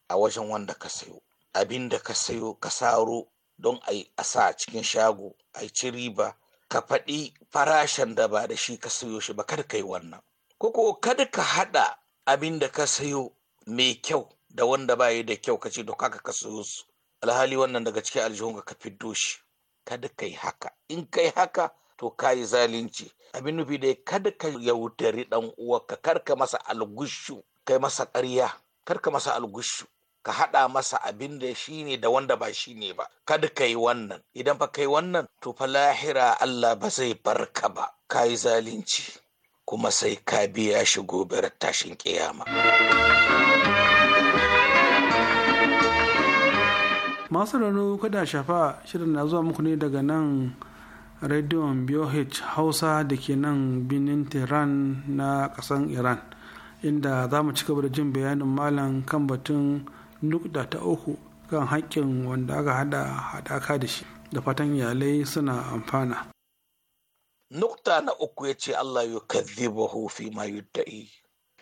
a wajen wanda ka sayo abin da ka sayo ka saro don a yi sa cikin shago a ci riba ka faɗi farashin da ba da shi ka sayo shi ba kada ka yi wannan koko kada ka haɗa abin da ka sayo mai kyau da wanda ba yi da kyau ka ce to ka sayo su alhali wannan daga cikin aljihun ka fiddo shi kada ka yi haka in ka yi haka to ka yi zalunci abin nufi da kada ka yaudari dan uwa kar ka masa algushu kai masa ƙarya kar ka masa algushu ka haɗa masa abin da shi ne da wanda ba shi ne ba kada ka yi wannan idan ba ka yi wannan to fa lahira Allah ba zai barka ba ka yi zalunci kuma sai ka biya shi gobe tashin kiyama. masu rano kada shafa shirin na zuwa muku ne daga nan rediyon BOH hausa da ke nan binin tehran na kasan iran inda za mu ci gaba da jin bayanin malam kan batun nukta ta uku kan hakkin wanda aka hada haɗaka da shi da fatan iyalai suna amfana. Nukta na uku ya ce Allah ya kadhibahu hufi ma yudda'i.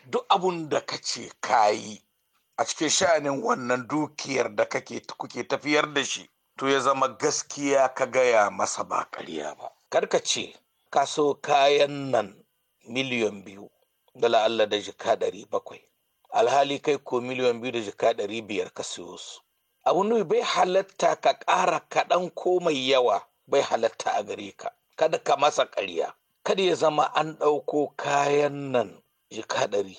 Duk abun da ka ce kayi a cikin sha'anin wannan dukiyar da kake kuke tafiyar da shi to ya zama gaskiya ka gaya masa ba ƙarya ba. Karka ce ka so kayan nan miliyan biyu da la'alla da jika ɗari bakwai. alhali kai ko miliyan biyu da jika ɗari biyar ka siyo su abu nuyi bai halatta ka ƙara kaɗan ko mai yawa bai halatta a gare ka kada ka masa ƙarya kada ya zama an ɗauko kayan nan jika ɗari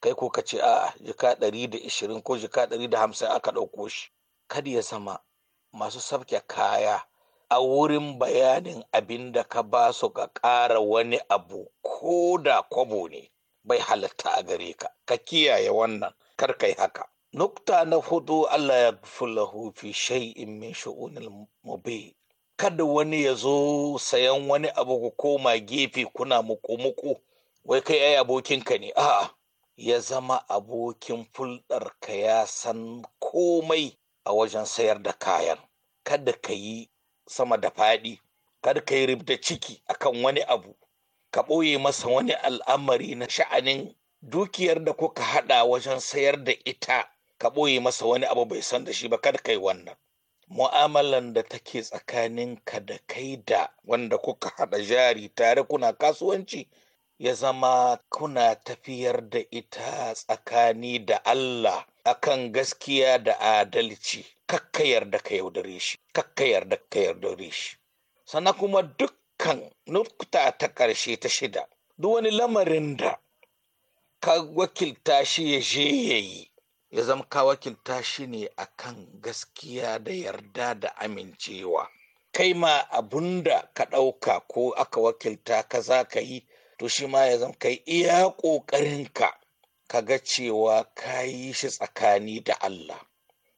kai ko ka ce a'a jika ɗari da ishirin ko jika ɗari da hamsin aka ɗauko shi kada ya zama masu sabke kaya a wurin bayanin abin da ka ba su ka ƙara wani abu ko da kwabo ne bai halatta a gare ka ka kiyaye wannan kar kai haka nukta na hudu Allah ya fulahu fi shay'in min shu'unil mubi kada wani ya zo sayan wani abu ku koma gefe kuna muku-muku wai kai ai ka ne a'a ya zama abokin ka ya san komai a wajen sayar da kayan kada ka yi sama da faɗi kada ka yi ribda ciki akan wani abu ka ɓoye masa wani al'amari na sha'anin dukiyar da kuka haɗa wajen sayar da ita ka ɓoye masa wani abu bai san da shi ba kada kai wannan mu'amalan da take tsakanin ka da kai da wanda kuka haɗa jari tare kuna kasuwanci ya zama kuna tafiyar da ita tsakani da Allah akan gaskiya da adalci kakkayar da ka yaudare shi kakkayar da ka yaudare shi sannan kuma duk kan nukta ta ƙarshe ta shida duk wani lamarin da ka wakilta shi ya je ya yi ya zama ka wakilta shi ne a kan gaskiya da yarda da amincewa kai ma abun da ka ɗauka ko aka wakilta ka za ka yi to shi ma ya zama kai iya ƙoƙarinka ka ga cewa ka yi shi tsakani da Allah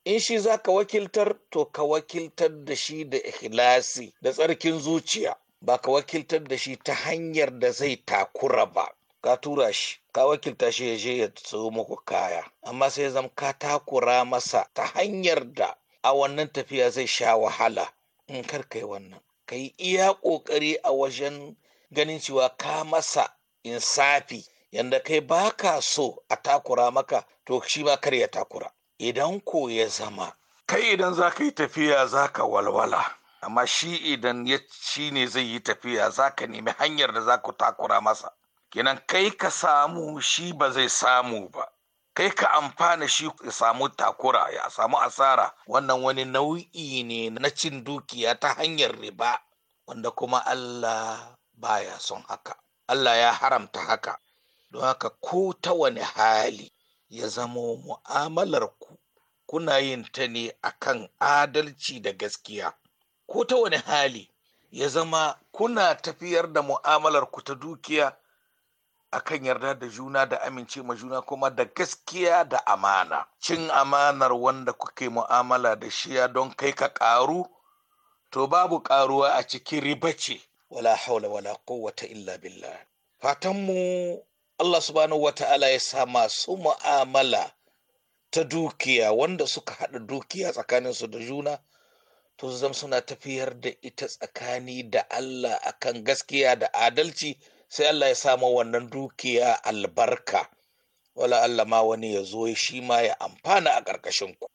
in shi za ka wakiltar to ka wakiltar da shi da ikhlasi da tsarkin zuciya ba ka wakiltar da shi ta hanyar da zai takura ba ka tura shi ka wakilta shi ya je ya tsawo muku kaya amma sai zama ka takura masa ta hanyar da a wannan tafiya zai sha wahala in kar kai wannan ka yi iya ƙoƙari a wajen ganin cewa ka masa insafi yanda kai ba ka so a takura maka to shi ma kar ya takura idan ko ya zama kai idan za ka yi tafiya za ka walwala amma shi idan ya shi ne zai yi tafiya za ka nemi hanyar da za ku takura masa Kinan kai ka samu shi ba zai samu ba kai ka amfana shi ya samu takura ya samu asara wannan wani nau'i ne na cin dukiya ta hanyar riba wanda kuma Allah baya son haka Allah ya haramta haka don haka ko ta wani hali ya zamo mu'amalar ku kuna yin ta ne akan adalci da gaskiya ko ta wani hali ya zama kuna tafiyar da mu'amalar ku ta dukiya a kan yarda da juna da amince ma juna kuma da gaskiya da amana cin amanar wanda kuke mu'amala da shiya don kai ka ƙaru to babu ƙaruwa a cikin riba ce wala haula wala quwwata illa billah fatanmu Allah subhanahu wata'ala ya sa masu mu'amala ta dukiya wanda suka haɗa dukiya tsakaninsu da juna to zam suna tafiyar da ita tsakani da Allah akan gaskiya da adalci sai Allah ya samu wannan dukiya albarka wala Allah ma wani ya zo shi ma ya amfana a ƙarƙashin ku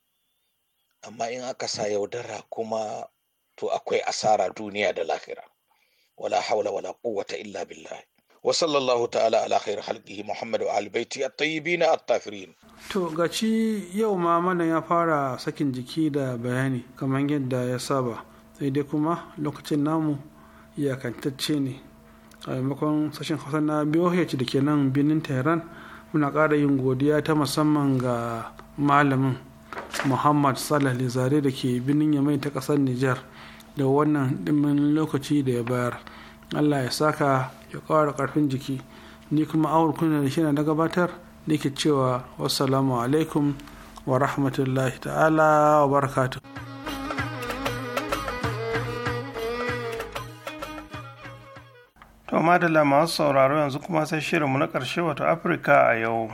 amma in aka sa yaudara kuma to akwai asara duniya da lahira wala haula wala quwwata illa billah wa sallallahu ta'ala ala khairu halqihi muhammadu wa ali baiti at to gaci yau ma mana ya fara sakin jiki da bayani kamar yadda ya saba sai dai kuma lokacin namu iyakantacce ne a maimakon sashen hausa na boh da ke nan birnin tehran muna ƙara yin godiya ta musamman ga malamin muhammad salah lizare da ke birnin yamai ta ƙasar nijar da wannan dimin lokaci da ya bayar allah ya saka ya kawara karfin jiki ni kuma awar kunya da shi na gabatar ke cewa wassalamu alaikum wa rahmatullahi ta'ala wa barakatuh To madalla masu sauraro yanzu kuma sai shirinmu na karshe wato Afirka a yau.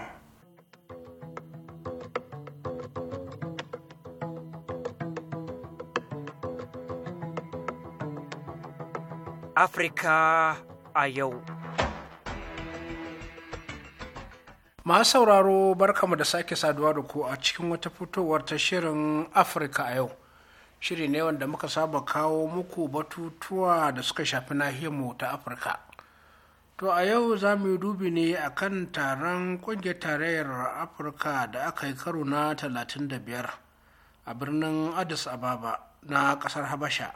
Afirka a yau. Masu sauraro barkamu da sake saduwa da ku a cikin wata fitowar ta shirin Afirka a yau. Shiri ne wanda muka saba kawo muku batutuwa da suka shafi nahiyarmu ta Afirka. To a yau za mu yi dubi ne a kan taron ƙungiyar tarayyar Afirka da aka yi karo na 35 a birnin Addis Ababa na ƙasar Habasha.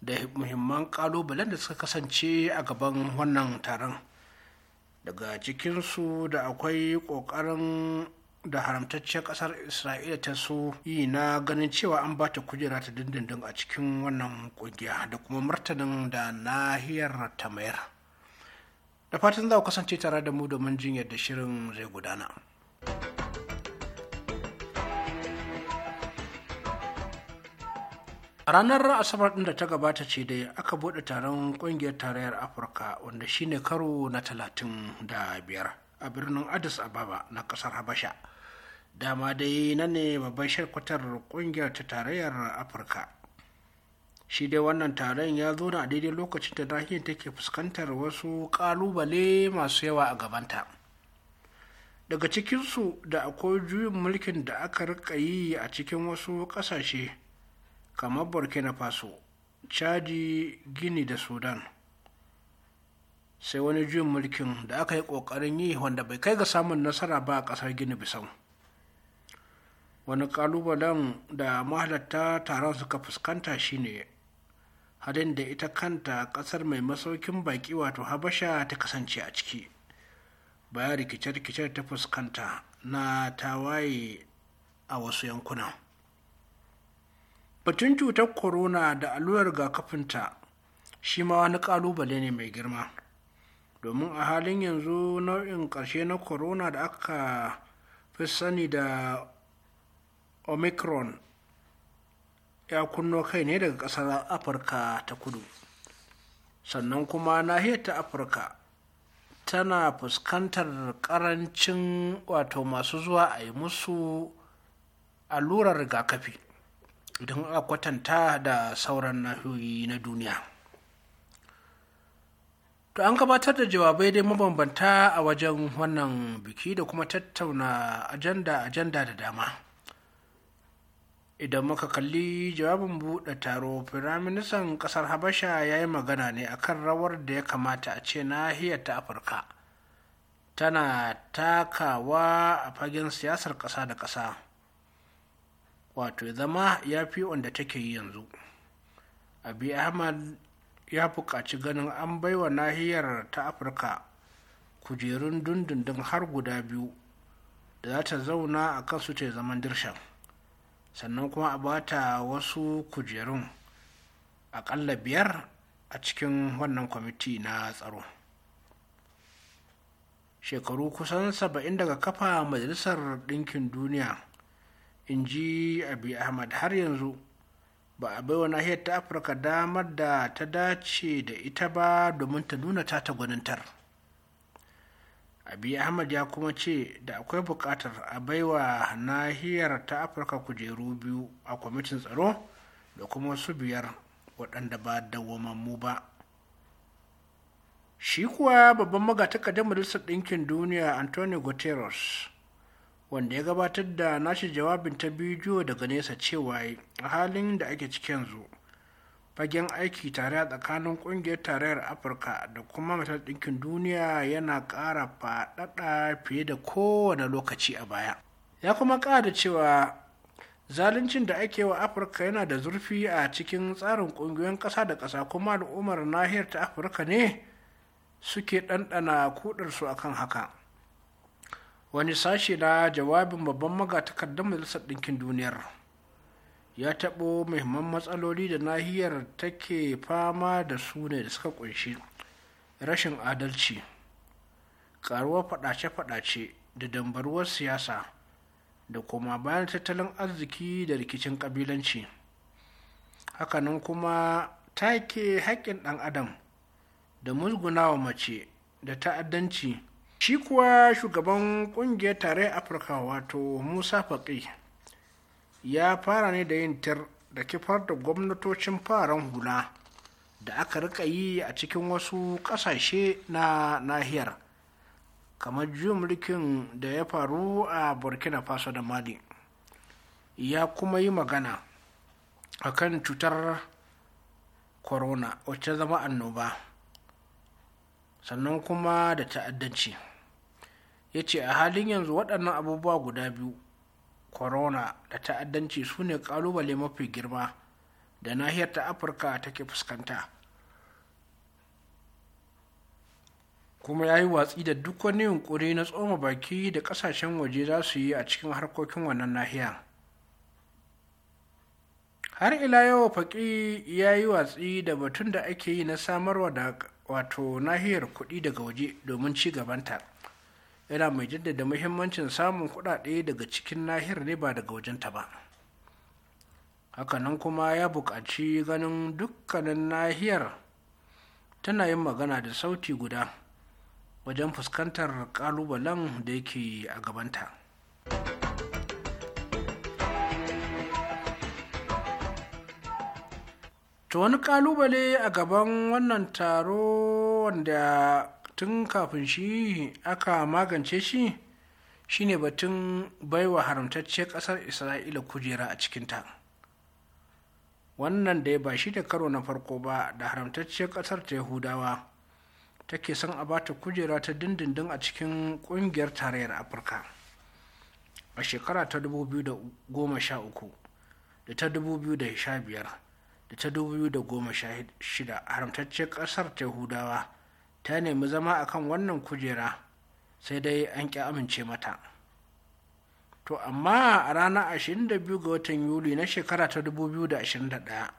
da muhimman kalubalen da suka kasance a gaban wannan taron daga cikinsu da akwai kokarin da haramtacciyar kasar isra'ila ta so yi na ganin cewa an ba ta kujera ta dindindin a cikin wannan ƙungiya da kuma martanin da nahiyar ta mayar da fatan za ku kasance tare da mu domin jin yadda shirin zai gudana. a ranar asabar ɗin da ta gabata ce dai aka buɗe taron ƙungiyar tarayyar afirka wanda shine karo na talatin da biyar a birnin addis ababa na ƙasar habasha dama dai na ne babban shirkwatar kungiyar ta tarayyar afirka shi dai wannan taron ya zo na daidai lokacin da nahiyar take fuskantar wasu kalubale masu yawa a gabanta daga cikinsu da akwai juyin mulkin da aka rika yi a cikin wasu ƙasashe kamar burkina faso chadi gini da sudan sai wani juyin mulkin da aka yi ƙoƙarin yi wanda bai kai ga samun nasara ba a ƙasar gini bisan wani ƙalubalen da mahalarta taron suka fuskanta shine halin da ita kanta ƙasar mai masaukin baƙi wato habasha ta kasance a ciki baya rikice-rikice ta fuskanta na tawaye a wasu yankuna. batun cutar corona da allurar rigakafinta shi ma wani kalubale ne mai girma domin a halin yanzu nau'in ƙarshe na corona da aka fi sani da omicron ya kunno kai ne daga ƙasar afirka ta kudu sannan kuma nahiyar ta afirka tana fuskantar ƙarancin wato masu zuwa a yi musu allurar rigakafi idan a kwatanta da sauran nahiyoyi na duniya to an gabatar da jawabai dai mabambanta a wajen wannan biki da kuma tattauna ajanda-ajanda da dama idan muka kalli jawabin buɗe taro firaministan ƙasar habasha ya yi magana ne akan rawar da ya kamata a ce nahiyar ta afirka tana takawa a fagen siyasar ƙasa da ƙasa wato zama ya fi wanda take yi yanzu abi ahmad ya buƙaci ganin an bai wa nahiyar ta afirka kujerun dundundun har guda biyu da za ta zauna a kansu ta zaman dirshan sannan kuma a bata wasu kujerun aƙalla biyar a cikin wannan kwamiti na tsaro shekaru kusan saba'in daga kafa majalisar ɗinkin duniya in ji abi ahmad har yanzu ba a baiwa nahiyar ta afirka damar da ta dace da ita ba domin ta nuna ta ta gwanintar abi ahmad ya kuma ce da akwai buƙatar a baiwa nahiyar ta afirka kujeru biyu a kwamitin tsaro da kuma su biyar waɗanda ba mu ba shi kuwa babban magatakardar majalisar ɗinkin duniya antonio guterres wanda ya gabatar da nashi jawabin ta bidiyo daga nesa cewa a halin da ake ciki yanzu fagen aiki tare a tsakanin kungiyar tarayyar afirka da kuma matar ɗinkin duniya yana ƙara faɗaɗa fiye da kowane lokaci a baya ya kuma ƙara cewa zaluncin da ake wa afirka yana da zurfi a cikin tsarin ƙungiyoyin ƙasa da ƙasa kuma al'ummar nahiyar ta afirka ne suke ɗanɗana kudarsu akan haka wani sashe na jawabin babban magatakardar majalisar ɗinkin duniyar ya taɓo muhimman matsaloli da nahiyar take fama da su ne da suka ƙunshi, rashin adalci ƙaruwar faɗace-faɗace da dambaruwar siyasa da kuma bayan tattalin arziki da rikicin ƙabilanci hakanan kuma take haƙƙin ɗan adam da musgunawa mace da ta'addanci shi kuwa shugaban kungiyar tare afirka wato musa faƙi ya fara ne da yin tir da kifar da gwamnatocin faran hula da aka rika yi a cikin wasu ƙasashe na nahiyar kamar juyin mulkin da ya faru a burkina faso da mali ya kuma yi magana a kan cutar corona wacce zama annoba sannan kuma da ta'addanci ya ce a halin yanzu waɗannan abubuwa guda biyu corona da ta'addanci su ne ƙalubale mafi girma da nahiyar ta afirka take fuskanta kuma ya yi watsi da duk wani yunkuri na tsoma baki da ƙasashen waje za su yi a cikin harkokin wannan nahiyar har ila yau faƙi ya yi watsi da batun da ake yi na samarwa da wato nahiyar kuɗi daga waje domin ci gabanta yana mai jaddada muhimmancin samun kuɗaɗe daga cikin nahiyar ne ba daga wajenta ba hakanan kuma ya buƙaci ganin dukkanin nahiyar tana yin magana da sauti guda wajen fuskantar kalubalen da yake a gabanta. To wani kalubale a gaban wannan taro wanda tun kafin shi aka magance shi shine batun baiwa haramtacciyar ƙasar isra'ila kujera a cikinta wannan dai ya ba shi da karo na farko ba da haramtacce ƙasar ta yahudawa take son a bata kujera ta dindindin a cikin ƙungiyar tarayyar afirka a shekara ta 2013 da ta 2015 da ta 2016 Haramtacce ƙasar ta yahudawa ta nemi zama a kan wannan kujera sai dai an ƙi amince mata to amma a ranar 22 ga watan yuli na shekara ta 2021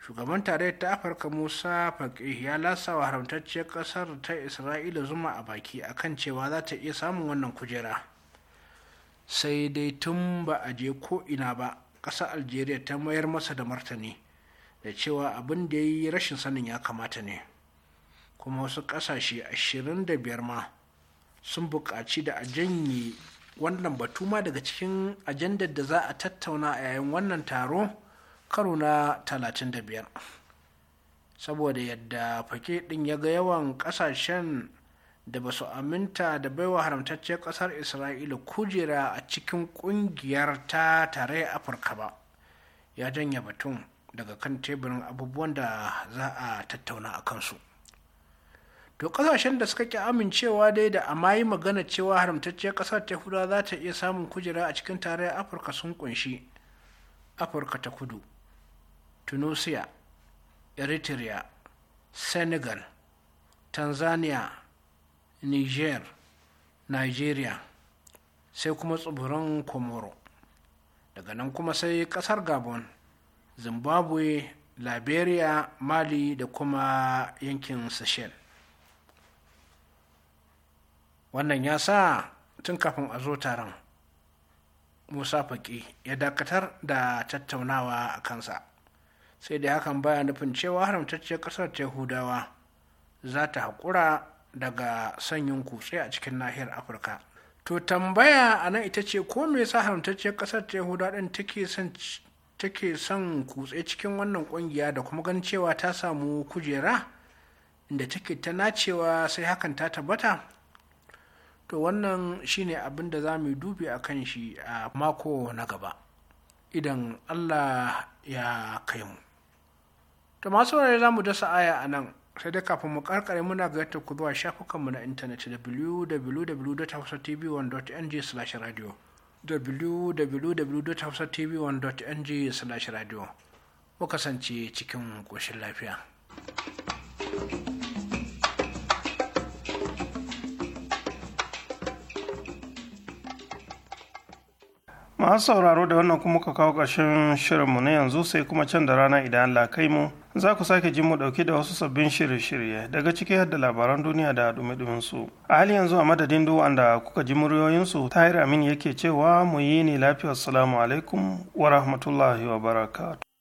shugaban tarayyar ta afirka musa faƙi ya lasa wa haramtacciyar ƙasar ta isra'ila zuma a baki akan cewa za ta iya samun wannan kujera sai dai tun ba a je ko'ina ba ƙasa algeria ta mayar masa da martani da cewa abin da ya yi rashin sanin ya kamata ne. kuma wasu ƙasashe 25 ma sun buƙaci da a janye wannan batu ma daga cikin ajandar da za a tattauna a yayin wannan taro karo na 35 saboda yadda fake ɗin ya ga yawan ƙasashen da ba su aminta da baiwa haramtacciyar ƙasar isra'ila kujera a cikin ƙungiyar ta tare afirka ba ya janye batun daga kan teburin abubuwan da za a tattauna a kansu. to kasashen da suka ki amincewa dai da amayi magana cewa haramtacciyar kasar ta huda za ta iya samun kujera a cikin tarayyar afirka sun kunshi afirka ta kudu tunisia eritrea senegal tanzania niger nigeria sai kuma tsibirin komoro daga nan kuma sai kasar gabon zimbabwe liberia mali da kuma yankin seychelles wannan ya sa tun kafin a zo taron musa faƙi ya dakatar da tattaunawa a kansa sai da hakan baya nufin cewa haramtacciyar ƙasar ta yahudawa za ta haƙura daga sanyin kutse a cikin nahiyar afirka to tambaya a nan ita ce ko me yasa haramtacciyar ƙasar ta yahudawa ɗin take son take son kutse cikin wannan ƙungiya da kuma ganin cewa ta samu kujera inda take ta nacewa sai hakan ta tabbata to wannan shine abin da za mu dubi a kan shi a mako na gaba idan allah ya kai mu to masu wurare za mu dasa aya a nan sai dai kafin mu karkare muna ga yadda ku zuwa shafukanmu na intanet www.hausatv1.ng slash radio www.hausatv1.ng slash radio mu kasance cikin ƙoshin lafiya. masu sauraro da wannan kuma ka kawo ƙarshen shirinmu na yanzu sai kuma can da rana idan Allah kai mu za ku sake jin mu ɗauki da wasu sabbin shirye-shirye daga ciki har da labaran duniya da dumi su a hali yanzu a madadin duk wanda kuka ji muryoyinsu tahir amin yake cewa mu yi ne lafiya assalamu alaikum wa rahmatullahi wa barakatu